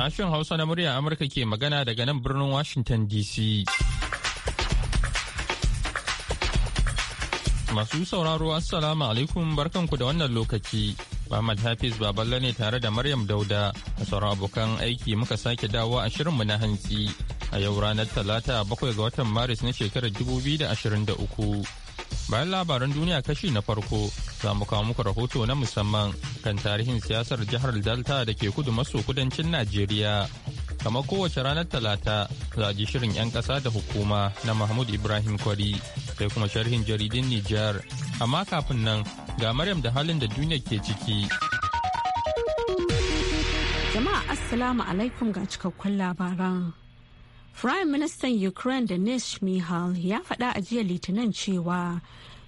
Sashen Hausa na murya Amurka ke magana daga nan birnin Washington DC. Masu sauraro Assalamu alaikum barkanku da wannan lokaci. Muhammad Hafiz Baballe ne tare da Maryam Dauda a sauran abokan aiki muka sake dawo a shirinmu na hantsi a yau ranar Talata bakwai ga watan Maris na shekarar 2023. Bayan labaran duniya kashi na farko, za mu kawo muku rahoto na musamman kan tarihin siyasar jihar Delta da ke kudu maso kudancin Najeriya. Kamar kowace ranar Talata, za a ji shirin 'yan ƙasa da hukuma na Mahmud Ibrahim Kwari, sai kuma sharhin jaridin Nijar. Amma kafin nan, ga Maryam da halin da duniya ke ciki. Jama'a Assalamu alaikum ga cikakkun labaran. Prime Ministan Ukraine Denis Shmihal ya faɗa a jiya Litinin cewa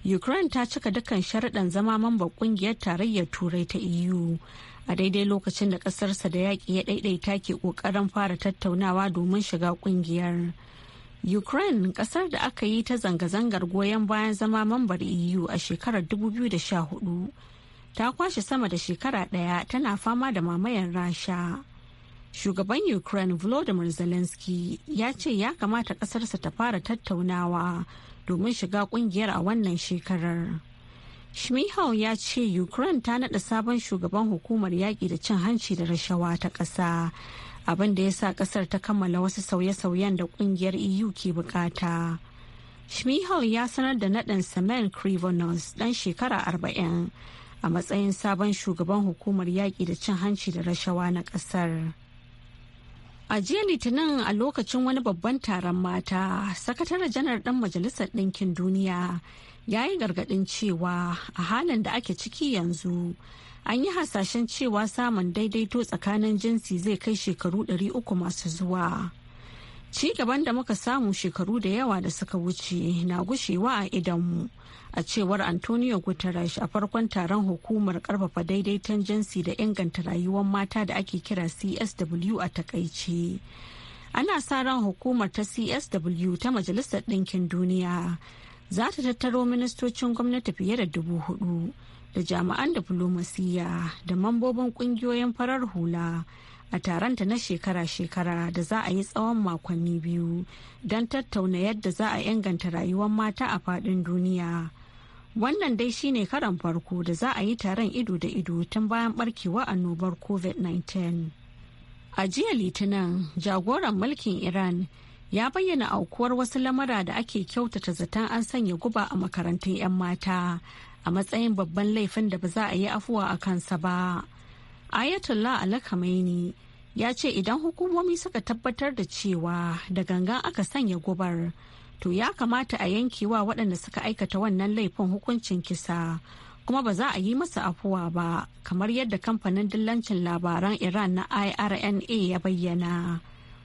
Ukraine ta cika dukkan sharaɗan zama mambar ƙungiyar tarayyar Turai ta EU. A daidai lokacin da ƙasarsa da yaƙi ya ɗaiɗaita ke ƙoƙarin fara tattaunawa domin shiga ƙungiyar. Ukraine ƙasar da aka yi ta zanga-zangar goyon bayan zama mambar EU a shekarar 2014 ta kwashe sama da shekara ɗaya tana fama da mamayar Rasha. shugaban ukraine volodymyr zelensky ya ce ya kamata ƙasarsa ta fara tattaunawa domin shiga kungiyar a wannan shekarar shmihau ya ce ukraine ta nada sabon shugaban hukumar yaƙi da cin hanci da rashawa ta ƙasa abin da ya sa ƙasar ta kammala wasu sauye-sauyen da kungiyar eu ke bukata shmihau ya sanar da naɗin samen krivonos ɗan shekara arba'in a matsayin sabon shugaban hukumar yaƙi da cin hanci da rashawa na ƙasar. A jiya Litinin a lokacin wani babban taron mata, Sakatare janar ɗan Majalisar Ɗinkin Duniya ya yi gargaɗin cewa a halin da ake ciki yanzu, an yi hasashen cewa samun daidaito tsakanin jinsi zai kai shekaru 300 masu zuwa. Ci gaban da muka samu shekaru da yawa da suka wuce na gushewa a idanmu. a cewar antonio guterres a farkon taron hukumar karfafa daidaiton jinsi da inganta rayuwar mata da ake kira csw a takaice ana sa ran hukumar ta csw ta majalisar ɗinkin duniya za ta tattaro ministocin gwamnati fiye da dubu hudu da jami'an diflomasiyya da mambobin kungiyoyin farar hula a taronta na shekara-shekara da za a yi tsawon makonni biyu don tattauna yadda za a inganta rayuwar mata a faɗin duniya Wannan dai shine karan farko da za a yi taron ido da ido tun bayan barkewa annobar COVID-19. A jiya Litinin, jagoran mulkin Iran ya bayyana aukuwar wasu lamura da ake kyautata zaton an sanya guba a makarantun 'yan mata a matsayin babban laifin da ba za a yi afuwa a kansa ba. Ayatollah alakamaini ya ce idan hukumomi suka tabbatar da cewa da gangan aka sanya gubar. to ya kamata a wa waɗanda suka aikata wannan laifin hukuncin kisa kuma ba za a yi masa afuwa ba kamar yadda kamfanin dillancin labaran iran na irna ya bayyana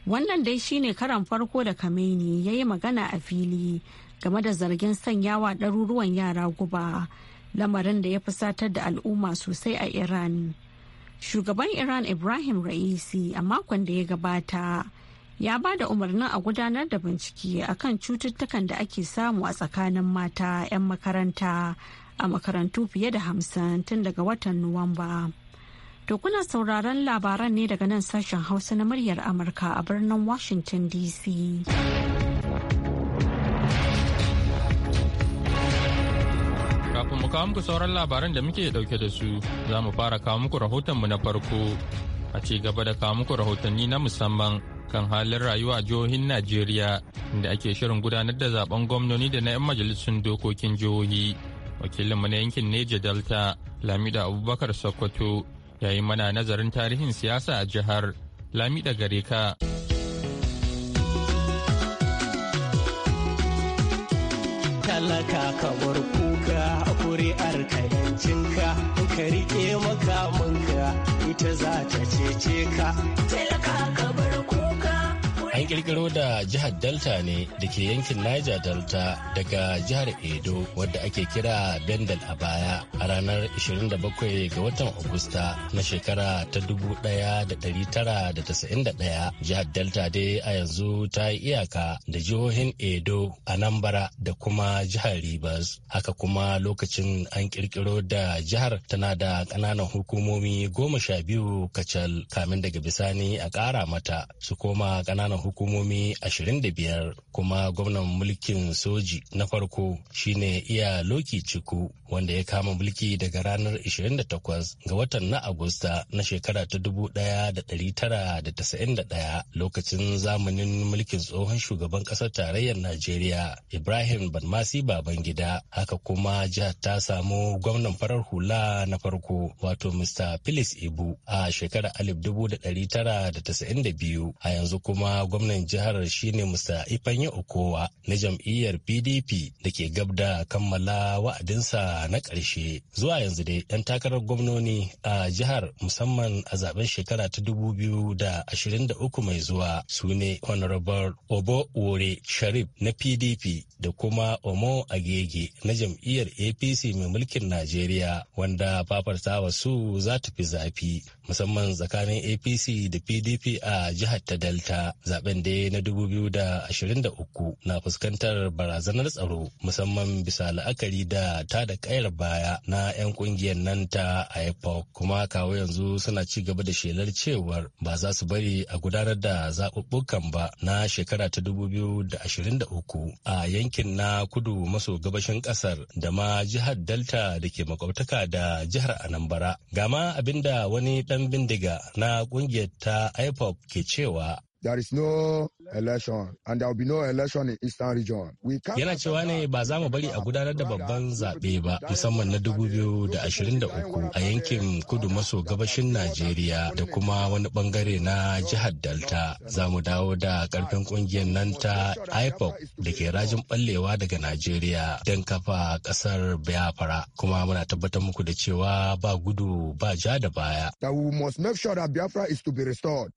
wannan dai shine karan farko da kameni ya yi magana a fili game da zargin sanyawa ɗaruruwan yara guba lamarin da ya fusatar da al'umma sosai a iran shugaban iran ibrahim ra'isi a makon da ya gabata ya ba da umarnin a gudanar da bincike akan cututtukan da ake samu a tsakanin mata 'yan makaranta a makarantu fiye da hamsin tun daga watan nuwamba to kuna sauraron labaran ne daga nan sashen hausa na muryar amurka a birnin washington dc kafin mu kawo muku sauran labaran da muke dauke da su za mu fara kawo muku rahotonmu na farko a ci gaba da kawo muku rahotanni na musamman kan halin rayuwa a jihohin Najeriya inda ake shirin gudanar da zaben gwamnoni da na 'yan majalisun dokokin jihohi. Wakilinmu na yankin Neja Delta Lamida Abubakar Sokoto ya yi mana nazarin tarihin siyasa a jihar Lamida Gareka. talaka ka bar kuka kuri'ar ka yancinka ka rike makamanka ita za ta cece ka An kirkiro da jihar Delta ne da ke yankin Niger Delta daga jihar Edo wadda ake kira Bendel a baya a ranar 27 ga watan Agusta na shekara ta 1991. Jihar Delta dai a yanzu ta yi iyaka da jihohin Edo, a nambara da kuma jihar Rivers. Haka kuma lokacin an kirkiro da jihar tana da ƙananan hukumomi goma sha biyu kacal kamin daga bisani a ƙara mata su koma ƙananan hukumomi 25 kuma gwamnan mulkin soji na farko shine iya loki ciku wanda ya kama mulki daga ranar 28 ga watan na agusta na shekara ta 1991 lokacin zamanin mulkin tsohon shugaban kasar tarayyar najeriya ibrahim banmasi babangida haka kuma jihar ta samu gwamnan farar hula na farko wato mr phyllis ibu a shekara 1992 a yanzu kuma gwamnan jihar shine Musa Ifanye Okowa na jam'iyyar PDP da ke gab da kammala wa'adinsa na ƙarshe. Zuwa yanzu dai 'yan takarar gwamnoni a jihar musamman a zaben shekara ta dubu biyu da da ashirin uku mai zuwa su ne Honorable Obo Wore Sharif na PDP da kuma Omo Agege na jam'iyyar APC mai mulkin Najeriya wanda fafarta wasu za ta fi zafi. musamman tsakanin apc da pdp a jihar ta delta zaben da na 2023 na fuskantar barazanar tsaro musamman bisa la'akari da ta da kayar baya na 'yan kungiyar nan ta ipoc kuma kawo yanzu suna ci gaba da shelar cewar ba za su bari a gudanar da zaɓuɓɓukan ba na shekara ta 2023 a yankin na kudu maso gabashin ƙasar da ma jihar delta da ke makwabtaka da jihar anambra gama abinda wani ɗan 'yan bindiga na kungiyar ta IPOP ke cewa. There is no election Yana cewa ne ba za mu bari a gudanar da babban zaɓe ba musamman na 2023 a yankin kudu maso gabashin Najeriya da kuma wani bangare na jihar Delta za mu dawo da karfin ƙungiyar nan ta IPOC da ke rajin ɓallewa daga Najeriya don kafa ƙasar Biafra kuma muna tabbatar muku da cewa ba gudu ba ja da baya. That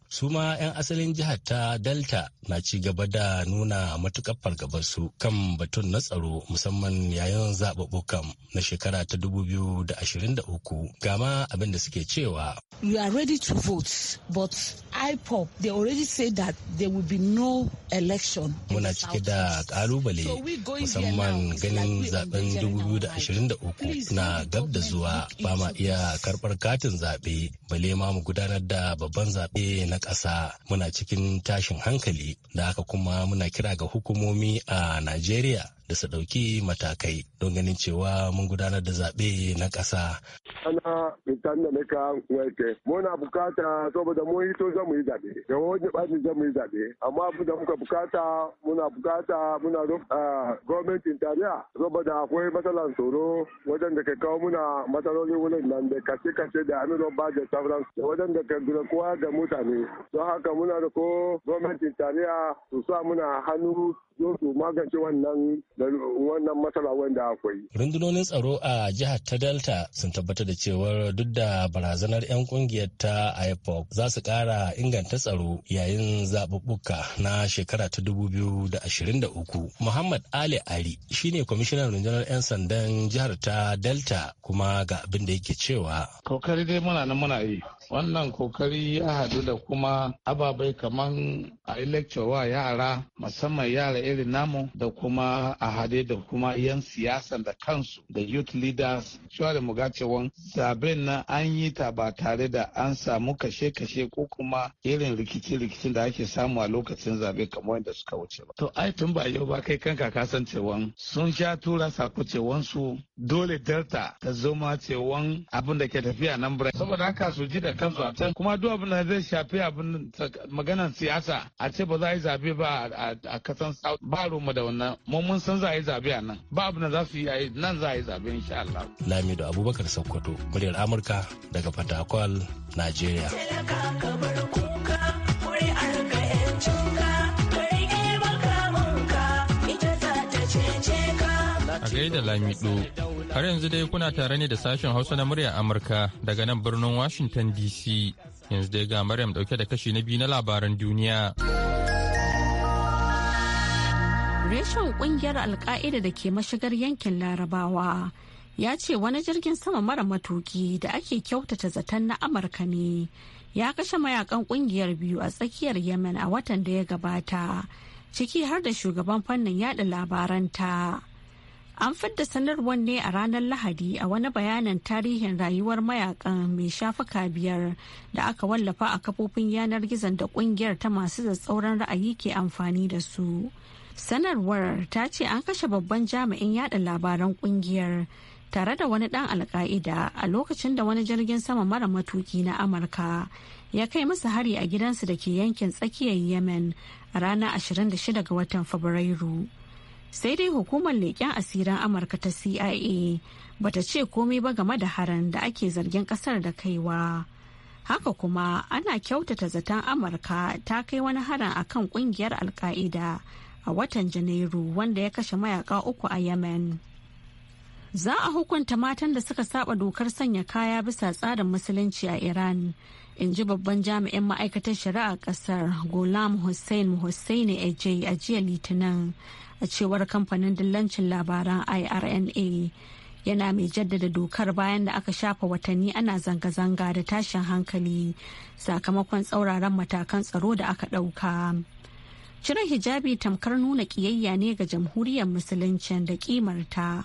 Su ma 'yan asalin jihar ta Delta na ci gaba da nuna matukar fargabarsu kan batun na tsaro musamman yayin zaɓuɓɓukan na shekara ta 2023 gama abin da suke cewa. You are ready to vote, but IPOP they already say that there will be no election. Muna cike da ƙalubale musamman ganin zaben 2023 na gab da zuwa ba ma iya karɓar katin zaɓe bale ma mu gudanar da babban zaɓe na ƙasa muna cikin tashin hankali da haka kuma muna kira ga hukumomi a najeriya da su ɗauki matakai don ganin cewa mun gudanar da zaɓe na ƙasa. Ana mitan da nika wake muna bukata saboda mun hito za mu yi zaɓe da wani ɓaci za mu yi zaɓe amma abu da muka bukata muna bukata muna ah, gwamnatin tarayya saboda akwai matsalar tsoro wajen da ka kawo muna matsaloli wurin nan da kashe-kashe da amiron ba da sauran da wajen da ka kowa da mutane don haka muna da ko gwamnatin tarayya su sa muna hannu zo su magance wannan wannan matsala wanda akwai. Rundunonin tsaro a jihar ta Delta sun tabbatar da cewar duk da barazanar 'yan kungiyar ta IPOC za su ƙara inganta tsaro yayin zaɓuɓɓuka na shekara ta 2023. Muhammad Ali Ali shine kwamishinan rundunar 'yan sandan jihar ta Delta kuma ga abin da yake cewa. Kokari dai muna nan muna yi. wannan kokari ya hadu da kuma ababai kaman a lecture yara musamman yara irin namu da kuma a hade da kuma yan siyasa da kansu da youth leaders cewa da mu cewan zaben na an yi ta ba tare da an samu kashe-kashe ko kuma irin rikici-rikicin da ake samu a lokacin zabe kamar yadda suka wuce ba. To ai tun ba yau ba kai kanka ka san cewan sun sha tura sako cewan su dole delta ta zoma cewan abin da ke tafiya nan saboda haka su ji da akan kuma duk abin da zai shafi abin maganan siyasa a ce ba za a yi zabe ba a kasan ba Roma da wannan mu mun san za a yi zabe a nan ba abin da za su yi nan za a yi zabe insha Allah Lamido Abubakar Sokoto muryar Amurka daga Fatakwal Najeriya. A gaida Lamido Har yanzu dai kuna tare ne da sashen Hausa na murya Amurka daga nan birnin Washington DC. Yanzu dai ga Maryam dauke da kashi na biyu na labaran duniya. Reshen kungiyar Alka'ida da ke mashigar yankin Larabawa ya ce wani jirgin sama mara matuki da ake kyautata zaton na Amurka ne ya kashe mayakan kungiyar biyu a tsakiyar Yemen a watan da ya gabata, ciki har da shugaban fannin yada labaranta. An fadda sanarwar ne a ranar Lahadi a wani bayanin tarihin rayuwar mayakan mai shafuka biyar da aka wallafa a kafofin yanar gizon da kungiyar ta masu tsauran ra'ayi ke amfani da su. Sanarwar ta ce an kashe babban jami'in yada labaran kungiyar tare da wani dan alka'ida a lokacin da wani jirgin sama mara matuki na Amurka ya kai musu hari a gidansu da ke yankin tsakiyar Yemen a ranar 26 ga watan Fabrairu. sai dai hukumar leƙen asirin amurka ta cia bata ce komai ba game da haran da ake zargin kasar da kaiwa haka kuma ana kyautata zaton amurka ta kai wani haran akan kungiyar alka'ida a watan janairu wanda ya kashe mayaka uku a yemen za a hukunta matan da suka saba dokar sanya kaya bisa tsarin musulunci a iran in ji babban jami'in ma'aikatar shari'a kasar golam hussein hussein ej a jiya litinin a cewar kamfanin dillancin labaran irna yana mai jaddada dokar bayan da aka shafa watanni ana zanga-zanga da tashin hankali sakamakon tsauraran matakan tsaro da aka ɗauka. Cire hijabi tamkar nuna ƙiyayya ne ga jamhuriyar musuluncin da ƙimarta.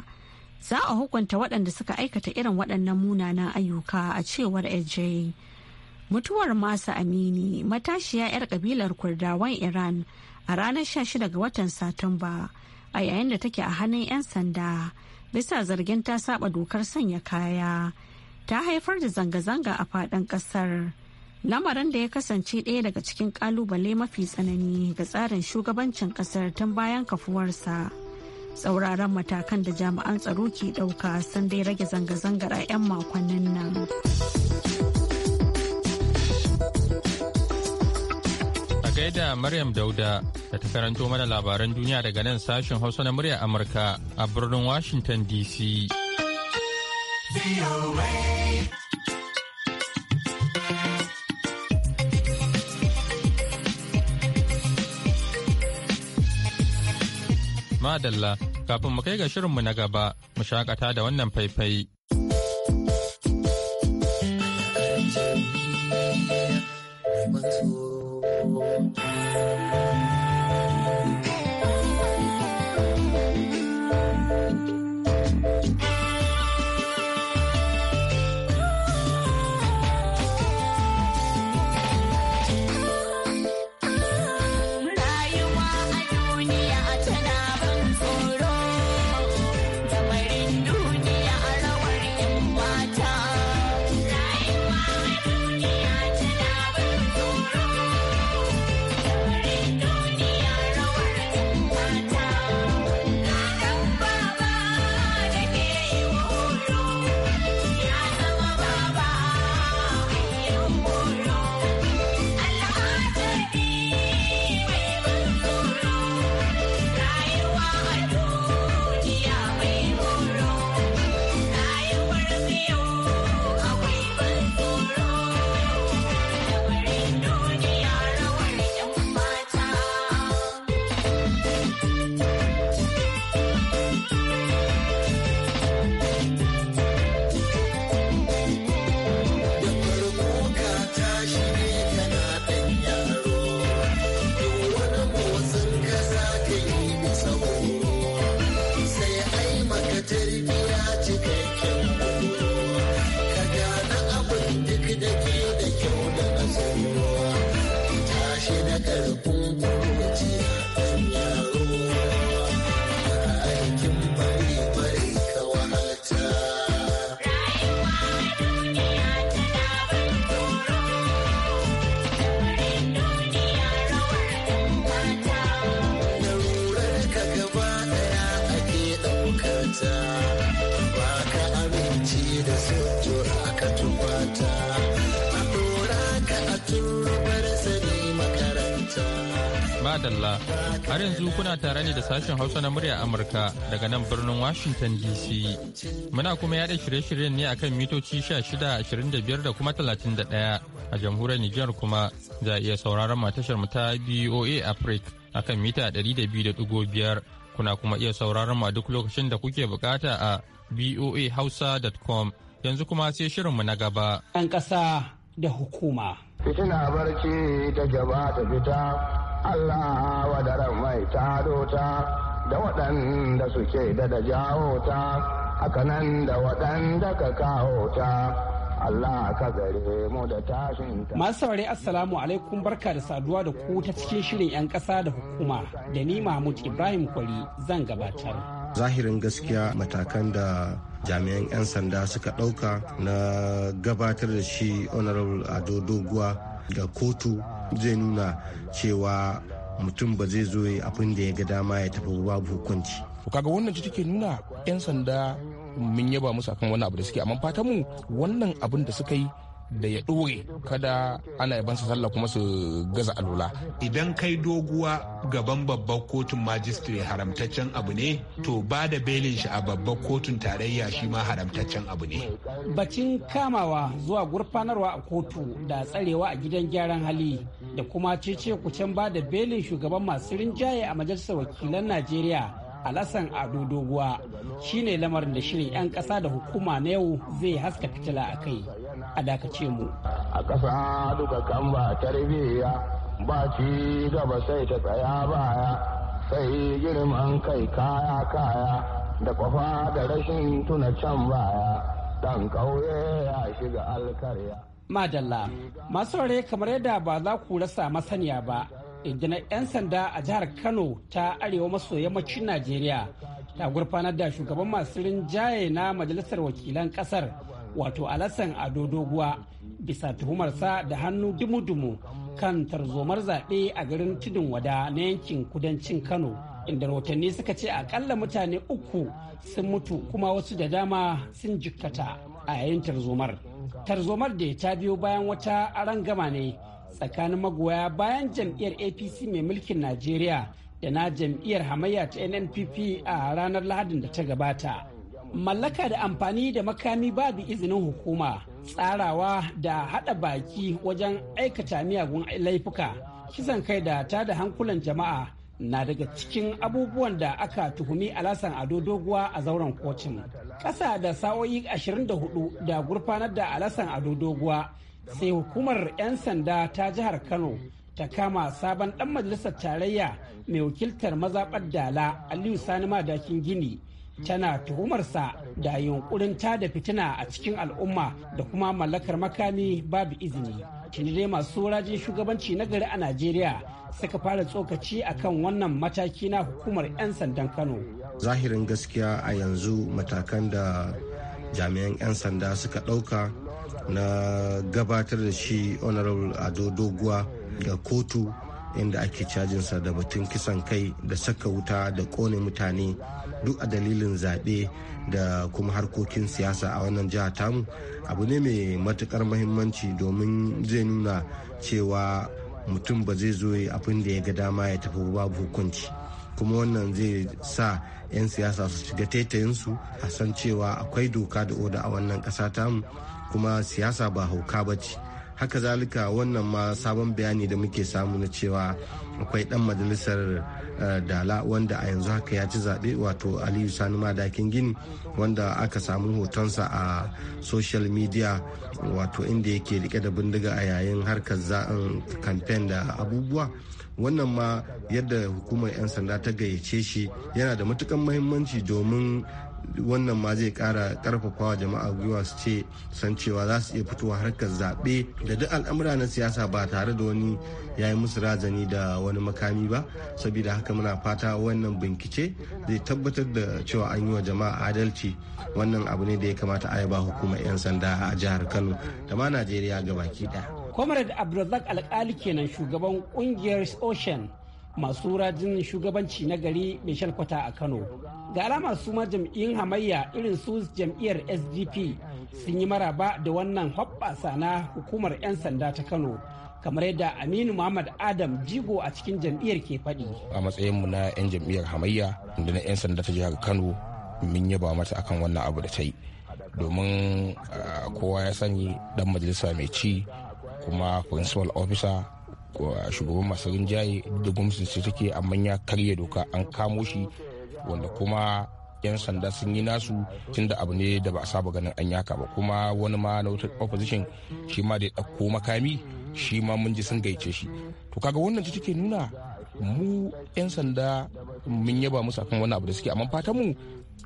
Za a hukunta waɗanda suka aikata irin waɗannan munanan ayyuka a cewar AJ. Mutuwar Masa Amini matashiya 'yar ƙabilar Kurdawan Iran a ranar 16 ga watan satumba a yayin da take a hannun 'yan sanda bisa zargin ta saba dokar sanya kaya ta haifar da zanga-zanga a fadin kasar. lamarin da ya kasance ɗaya daga cikin kalubale mafi tsanani ga tsarin shugabancin kasar tun bayan kafuwarsa tsauraran matakan da jami'an tsaro ke ɗauka sun dai rage zanga-zangar a 'yan makonnin nan. da Maryam Dauda da ta karanto mana labaran duniya daga nan sashen Hausa na murya Amurka a birnin Washington DC. Madalla, kafin mu kai ga shirinmu na gaba, mu shakata da wannan faifai. talla har yanzu kuna tare ne da sashen hausa na murya amurka daga nan birnin washington dc muna kuma yada shirye-shiryen ne akan mitoci 1625 da kuma 31 a jamhuriyar nijar kuma za a iya sauraron matashar mu ta boa africa akan mita 200.5 kuna kuma iya sauraron mu a duk lokacin da kuke bukata a boahausa.com yanzu kuma sai shirin mu na gaba. ƙasa da hukuma. Fitina barci ta gaba ta fita Allah wadaran mai taro ta da waɗanda suke da da jawo ta hakanan da waɗanda ka kawo ta Allah ka gare mu da tashin ta. Masu saurari Assalamu alaikum barka da saduwa da ku ta cikin shirin 'yan ƙasa da hukuma da ni Mahmud Ibrahim Kwari zan gabatar. Zahirin gaskiya matakan da jami'an 'yan sanda suka ɗauka na gabatar da shi Honorable Ado Doguwa da kotu zai nuna cewa mutum ba zai zo abin da ya ga dama ya tafi babu hukunci kaga wannan ci take nuna 'yan sanda mun yaba musu akan wannan abu da suke amma fatanmu wannan abin da suka yi da ya ɗore kada ana yabansa sallah kuma su gaza alula. Idan kai doguwa gaban babbar kotun majistire haramtaccen abu ne to ba da belin shi a babbar kotun tarayya shi ma haramtaccen abu ne. Bacin kamawa zuwa gurfanarwa a kotu da tsarewa a gidan gyaran hali da kuma cece kucen ba da belin shugaban masu rinjaye a majalisar wakilan Najeriya alasan ado doguwa shine lamarin da shirin 'yan kasa da hukuma na yau zai haska fitila a kai a dakace mu a ƙasa duka kan ba tarbiyya ba ci gaba sai ta tsaya baya sai girman kai kaya kaya da kwafa da rashin tuna can baya dan ƙauye ya shiga alkarya madalla masu kamar yadda ba za ku rasa masaniya ba rundunar 'yan sanda a jihar kano ta arewa maso yammacin najeriya ta gurfanar da shugaban masu rinjaye na majalisar wakilan kasar wato alasan ado doguwa bisa tuhumarsa da hannu dumu-dumu kan tarzomar zaɓe a garin tudun wada na yankin kudancin kano inda rahotanni suka ce akalla mutane uku sun mutu kuma wasu da dama sun jikkata a yayin tarzomar tarzomar da ta biyo bayan wata arangama ne tsakanin magoya bayan jam'iyyar apc mai mulkin najeriya da na jam'iyyar hamayya ta nnpp a ranar lahadin da ta gabata mallaka da amfani da makami babu izinin hukuma tsarawa da hada baki wajen aikata miyagun laifuka kisan kai da ta da hankulan jama'a na daga cikin abubuwan da aka tuhumi alasan ado doguwa a zauren kocin ƙasa da sa'o'i 24 da gurfanar da alasan ado doguwa sai hukumar 'yan sanda ta jihar kano ta kama sabon dan majalisar tarayya mai wakiltar mazaɓar dala aliyu sani madakin gini tana tuhumarsa da yunkurin da fitina a cikin al'umma da kuma mallakar makami babu izini tuni dai masu rajin shugabanci na gari a najeriya suka fara tsokaci akan wannan mataki na hukumar 'yan sandan kano zahirin gaskiya a yanzu matakan da jami'an 'yan sanda suka ɗauka na gabatar da shi honorable ado doguwa ga kotu inda ake cajinsa da batun kisan kai da saka wuta da kone mutane duk a dalilin zaɓe da kuma harkokin siyasa a wannan jiha tamu abu ne mai matukar mahimmanci domin zai nuna cewa mutum ba zai zo abin da ya ga dama ya tafi babu hukunci kuma wannan zai sa 'yan siyasa su shiga taitayinsu a san cewa akwai doka da oda a wannan ƙasa tamu kuma siyasa ba hauka ba ce haka zalika wannan ma sabon bayani da muke samu na cewa akwai dan majalisar eh, dala wanda a yanzu haka ya ci zaɓe wato aliyu sani madakin gini wanda aka samu hotonsa a social media wato inda yake rike da bindiga a yayin harkar za'an kamfen da abubuwa wannan ma yadda hukumar 'yan sanda ta gayyace shi yana da matukan mahimmanci domin wannan ma zai kara karfafawa jama'a gwiwa su ce san cewa za su iya fitowa harkar zaɓe da duk al'amura na siyasa ba tare da wani ya yi musu razani da wani makami ba saboda haka muna fata wannan bincike zai tabbatar da cewa an yi wa jama'a adalci wannan abu ne da ya kamata a yaba hukumar 'yan sanda a jihar kano da ma najeriya gabaki daya comrade abdulrazak alkali kenan shugaban kungiyar ocean masu rajin shugabanci na gari mai shalkwata a kano ga alama su ma jam'iyyun hamayya irin su jam'iyyar sdp sun yi maraba da wannan hoɓɓasa na hukumar 'yan sanda ta kano kamar yadda aminu muhammad adam jigo a cikin jam'iyyar ke faɗi a matsayinmu na 'yan jam'iyyar hamayya da na 'yan sanda ta jihar kano mun yaba mata akan wannan abu da ta yi domin kowa ya sani dan majalisa mai ci kuma principal officer shugaban masu rinjaye da gwamnatin sai take amma ya karya doka an kamo shi wanda kuma 'yan sanda sun yi nasu tunda abu ne da ba a saba ganin an yaka ba kuma wani ma na wata opposition shi ma da ya ɗauko makami shi ma mun ji sun gaice shi to kaga wannan ta take nuna mu 'yan sanda mun yaba musu akan wannan abu da suke amma fata mu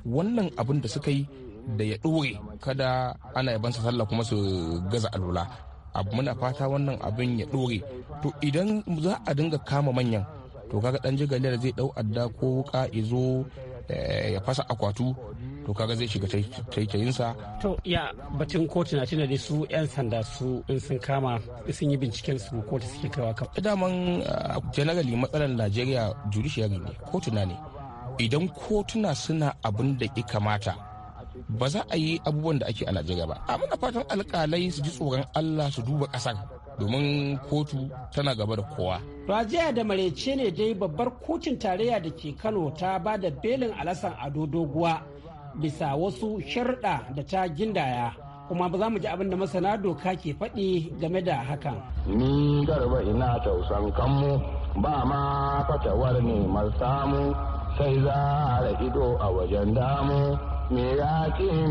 wannan abin da suka yi da ya ɗore kada ana yabansa sallah kuma su gaza alula abu muna fata wannan abin ya ɗore to idan za a dinga kama manyan to kaga dan jigalar zai dau adda ko wuka izo eh, ya fasa akwatu to kaga zai shiga sa to ya batun kotu na tuna su yan sanda su in sun kama sun yi binciken su kotu suke kaiwa kan daman ah, generally matsalar najeriya judiciary ne kotuna ne idan kotuna suna abin da ya kamata ba za a yi abubuwan da ake a Najeriya ba. A muna fatan alƙalai su ji tsoron Allah su duba ƙasar domin kotu tana gaba da kowa. Rajiya da Marece ne dai babbar kotun tarayya da ke Kano ta ba da belin alasan ado doguwa bisa wasu sharɗa da ta gindaya. kuma ba za mu ji abin da masana doka ke faɗi game da hakan. Ni garba ina tausan kanmu ba ma fatawar ne samu sai za a ido a wajen damu me ya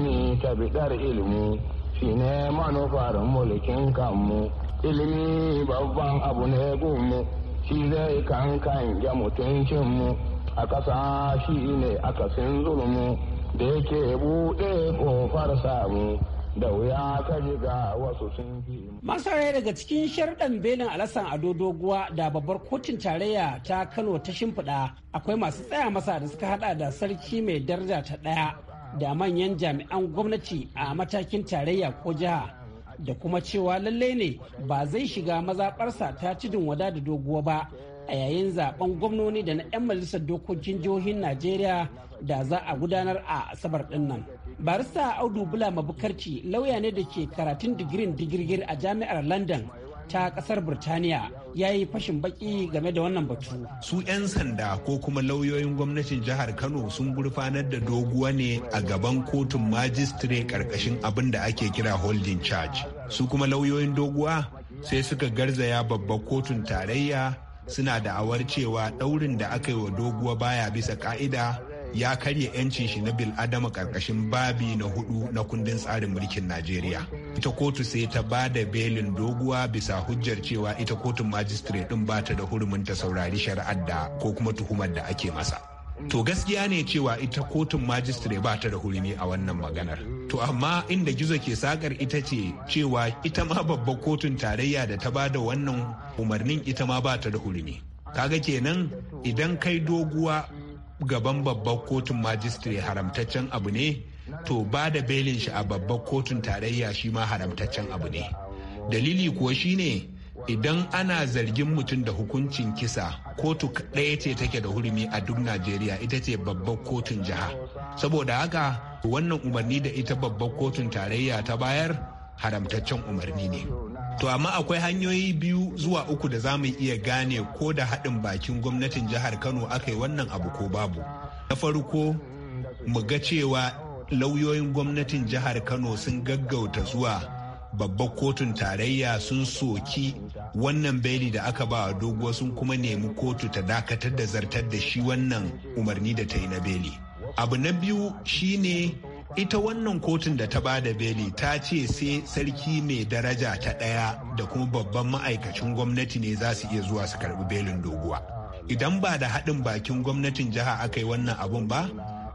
ni ta bidar ilimi shine manufar mulkin kanmu ilimi babban abu ne gunmu shi zai kankan ya mutuncinmu a ƙasa shi ne akasin zulmu da yake buɗe ƙofar samu da wuya ta jiga wasu sun fi. Masarai daga cikin sharɗan belin alasan ado doguwa da babbar kotun tarayya ta Kano ta shimfiɗa akwai masu tsaya masa da suka hada da sarki mai daraja ta ɗaya da manyan jami'an gwamnati a matakin tarayya ko jiha da kuma cewa lallai ne ba zai shiga mazaɓarsa ta cidin wada da doguwa ba a yayin zaben gwamnoni da na 'yan majalisar dokokin jihohin najeriya da za a gudanar a asabar dinnan. barista audu bula mabukarci lauya ne da ke karatun digirin digirgir a jami'ar london ta kasar Birtaniya ya yi fashin baki game da wannan batu. Su 'yan sanda ko kuma lauyoyin gwamnatin jihar Kano sun gurfanar da doguwa ne a gaban kotun majistire karkashin abin da ake kira holding charge. Su kuma lauyoyin doguwa sai suka garzaya babbar kotun tarayya suna da awar cewa daurin da aka yi wa doguwa baya bisa ka'ida ya karya 'yancin shi na bil adama karkashin babi na hudu na kundin tsarin mulkin najeriya ita kotu sai ta ba da belin doguwa bisa hujjar cewa ita kotun majistire din ba ta da hurumin ta saurari shari'ar da ko kuma tuhumar da ake masa to gaskiya ne cewa ita kotun majistire ba ta da hurumi a wannan maganar to amma inda gizo ke sakar ita ce cewa ita ma babbar kotun tarayya da ta ba da wannan umarnin ita ma ba ta da hurumi kaga kenan idan kai doguwa gaban babbar kotun majistire haramtaccen abu ne to ba da belin shi a babbar kotun tarayya shi ma haramtaccen abu ne dalili kuwa shine idan ana zargin mutum da hukuncin kisa kotu ɗaya ce take da hurumi a duk najeriya ita ce babbar kotun jiha saboda haka wannan umarni da ita babbar kotun tarayya ta bayar haramtaccen umarni ne. To amma akwai hanyoyi biyu zuwa uku da za mu iya gane ko da haɗin bakin gwamnatin jihar Kano aka yi wannan abu ko babu. Na farko mu ga cewa lauyoyin gwamnatin jihar Kano sun gaggauta zuwa babbar kotun tarayya sun soki wannan beli da aka ba wa doguwa sun kuma nemi kotu ta dakatar da zartar da shi wannan umarni da ta yi na beli. Abu na biyu shine ita wannan kotun da ta ba da beli ta ce sai sarki mai daraja ta ɗaya da kuma babban ma'aikacin gwamnati ne za su iya zuwa su karɓi belin doguwa idan ba da haɗin bakin gwamnatin jiha aka yi wannan abun ba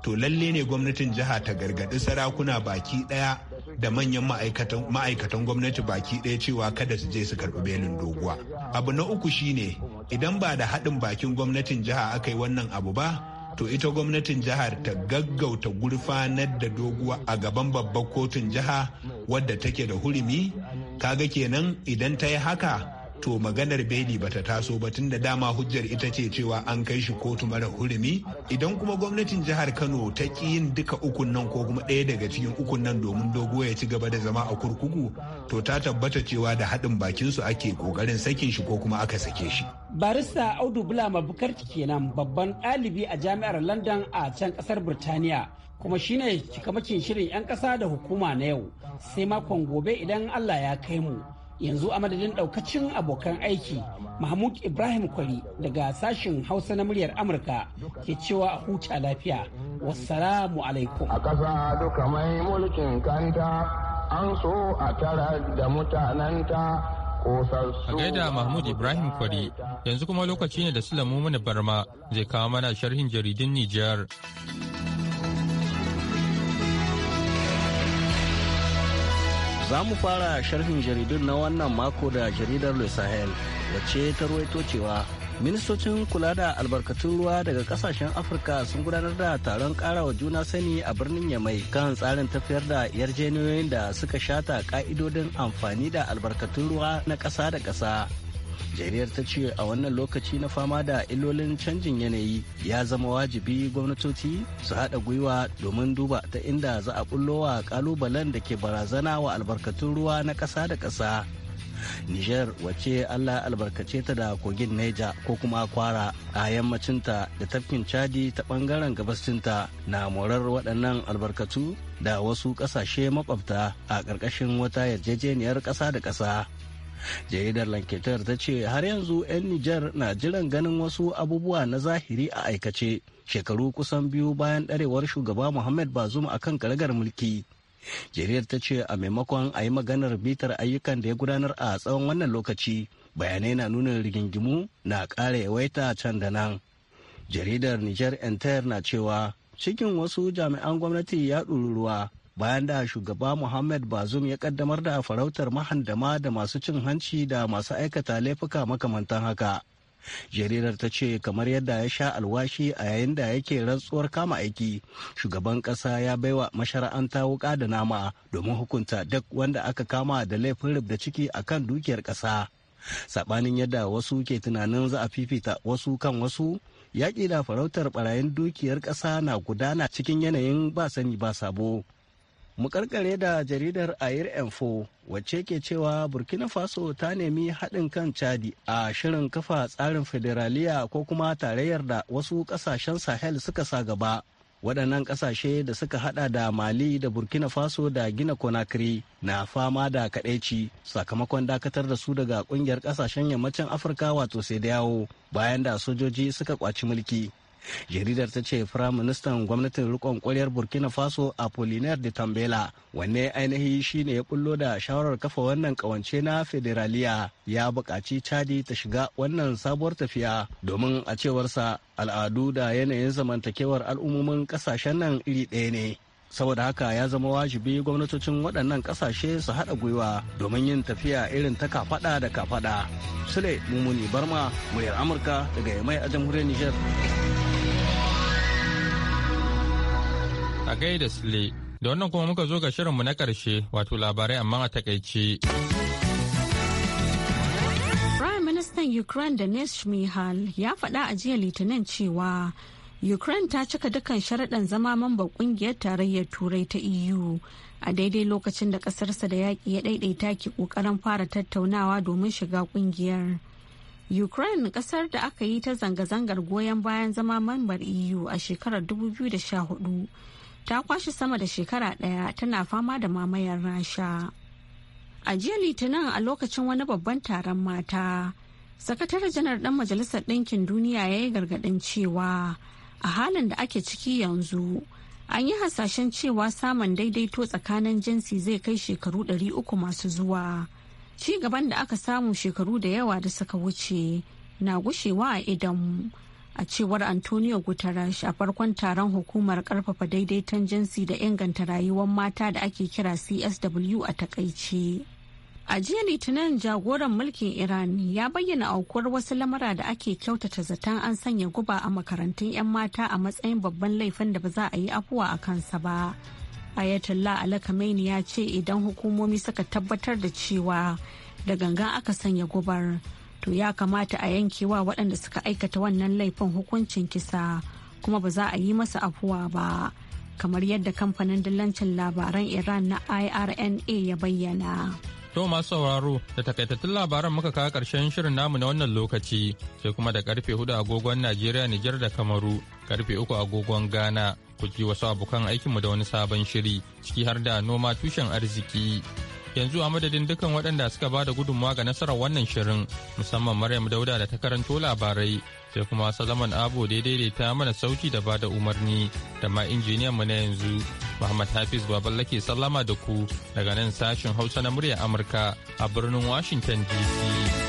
to lalle ne gwamnatin jiha ta gargaɗi sarakuna baki ɗaya da manyan ma'aikatan gwamnati baki ɗaya cewa kada su je su karɓi belin doguwa abu na uku shine idan ba da haɗin bakin gwamnatin jiha aka yi wannan abu ba to ita gwamnatin jihar ta gaggauta gurfanar da doguwa a gaban babbar kotun jiha wadda take da hurumi kaga kenan idan ta yi haka to maganar beli bata taso ba tun da dama hujjar ita ce cewa an kai shi kotu mara hurumi idan kuma gwamnatin jihar kano ta ki yin duka ukun nan ko kuma ɗaya daga cikin ukun nan domin dogo ya ci gaba da zama a kurkuku to ta tabbata cewa da haɗin bakin su ake kokarin sakin shi ko kuma aka sake shi barista audu bulama bukarti kenan babban ɗalibi a jami'ar london a can ƙasar birtaniya kuma shine cikamakin shirin 'yan ƙasa da hukuma na yau sai makon gobe idan allah ya kai mu yanzu a madadin daukacin abokan aiki mahmud ibrahim kwari daga sashen hausa na muryar amurka ke cewa a huta lafiya wassalamu alaikum a ƙasa duka mai mulkin kanta an so a tara da mutananta a gaida mahmud ibrahim kwari yanzu kuma lokaci ne da sulamu mana barma zai kawo mana sharhin jaridun nijar Za mu fara sharhin jaridun na wannan mako da jaridar Le Sahel wacce ta ruwaito cewa ministocin kula da albarkatun ruwa daga kasashen afirka sun gudanar da taron karawa juna sani a birnin yamai kan tsarin tafiyar da yarjejeniyoyin da suka shata ka'idodin amfani da albarkatun ruwa na ƙasa da ƙasa jariyar ta ce a wannan lokaci na fama da illolin canjin yanayi ya zama wajibi gwamnatoci su haɗa gwiwa domin duba ta inda za a wa kalubalen da ke barazana wa albarkatun ruwa na ƙasa da ƙasa niger wace Allah albarkace ta da kogin Neja ko kuma kwara a yammacinta da tafkin Chadi ta bangaren gabascinta na morar waɗannan albarkatu da wasu ƙasashe makwabta a ƙarƙashin wata yarjejeniyar ƙasa da ƙasa. jaridar lanketar ta ce har yanzu 'yan nijar na jiran ganin wasu abubuwa na zahiri a aikace shekaru kusan biyu bayan ɗarewar shugaba muhammad bazum a kan karagar mulki jaridar ta ce a maimakon a yi maganar bitar ayyukan da ya gudanar a tsawon wannan lokaci bayanai na nuna rigingimu na ƙara yawaita can da nan jaridar nijar entire na cewa cikin wasu jami'an gwamnati ya ɗuri bayan da shugaba Muhammad Bazum ya kaddamar da farautar mahandama da masu cin hanci da masu aikata laifuka makamantan haka. jaridar ta ce kamar yadda ya sha alwashi a yayin da yake rantsuwar kama aiki shugaban kasa ya baiwa mashara'anta wuka da nama domin hukunta duk wanda aka kama da laifin rubda ciki akan dukiyar kasa sabanin yadda wasu ke tunanin za a fifita wasu kan wasu yaƙi da farautar barayin dukiyar kasa na gudana cikin yanayin ba sani ba sabo mu karkare da jaridar air info wacce ke cewa burkina faso ta nemi haɗin kan chadi a shirin kafa tsarin federaliya ko kuma tarayyar da wasu ƙasashen sahel suka sa gaba waɗannan ƙasashe da suka hada da mali da burkina faso da gina conakry na fama da kadaici sakamakon dakatar da su daga ƙungiyar ƙasashen yammacin afirka wato sai da yawo bayan da sojoji suka kwaci mulki jaridar ta ce firaministan gwamnatin rikon kwaryar burkina faso apollinaire de tambela wanne ainihi shine ya bullo da shawarar kafa wannan kawance na federaliya ya bukaci chadi ta shiga wannan sabuwar tafiya domin a cewarsa al'adu da yanayin zamantakewar al'ummomin ƙasashen nan iri ɗaya ne saboda haka ya zama wajibi gwamnatocin waɗannan ƙasashe su haɗa gwiwa domin yin tafiya irin ta kafaɗa da kafaɗa. Sule Mumuni Barma, muryar Amurka daga Yamai a jamhuriyar Nijar. A gaida sile da wannan kuma muka zo ga shirinmu na karshe wato labarai amma a takaice. Prime Minister Ukraine Denis Shmihal ya faɗa a jiya Litinin cewa Ukraine ta cika dukkan sharaɗan zama mamban ƙungiyar tarayyar Turai ta EU a daidai lokacin da ƙasarsa da yaƙi ya ɗaiɗaita ke ƙoƙarin fara tattaunawa domin shiga ƙungiyar. Ukraine ƙasar da aka yi ta zanga-zangar goyon bayan zama mambar EU a shekarar 2014 ta kwashe sama da shekara ɗaya tana fama da mamayar rasha a jiya litinin a lokacin wani babban taron mata sakatare janar ɗan majalisar ɗinkin duniya ya yi gargaɗin cewa a halin da ake ciki yanzu an yi hasashen cewa samun daidaito tsakanin jinsi zai kai shekaru ɗari uku masu zuwa ci gaban da aka samu shekaru da yawa da suka wuce na gushewa a idan a cewar antonio guterres a farkon taron hukumar karfafa daidaiton jinsi da inganta rayuwar mata da ake kira csw a takaice a jiya litinin jagoran mulkin iran ya bayyana aukuwar wasu lamura da ake kyautata zaton an sanya guba a makarantun 'yan mata a matsayin babban laifin da ba za a yi afuwa a kansa ba ayatollah alakamaini ya ce idan hukumomi suka tabbatar da cewa da gangan aka sanya gubar to ya kamata a yanke wa waɗanda suka aikata wannan laifin hukuncin kisa kuma ba za a yi masa afuwa ba kamar yadda kamfanin dillancin labaran iran na irna ya bayyana to masu sauraro da takaitattun labaran muka kawo karshen shirin namu na wannan lokaci sai kuma da karfe hudu agogon najeriya nijar da kamaru karfe uku agogon ghana ku ji wasu abokan aikinmu da wani sabon shiri ciki har da noma tushen arziki yanzu a madadin dukkan waɗanda suka ba da gudunmawa ga nasarar wannan shirin musamman maryam dauda da ta karanto labarai sai kuma salaman abu da ta mana sauki da ba da umarni da ma injiniyan mu na yanzu muhammad hafiz ke sallama da ku daga nan sashen hausa na murya amurka a birnin washington dc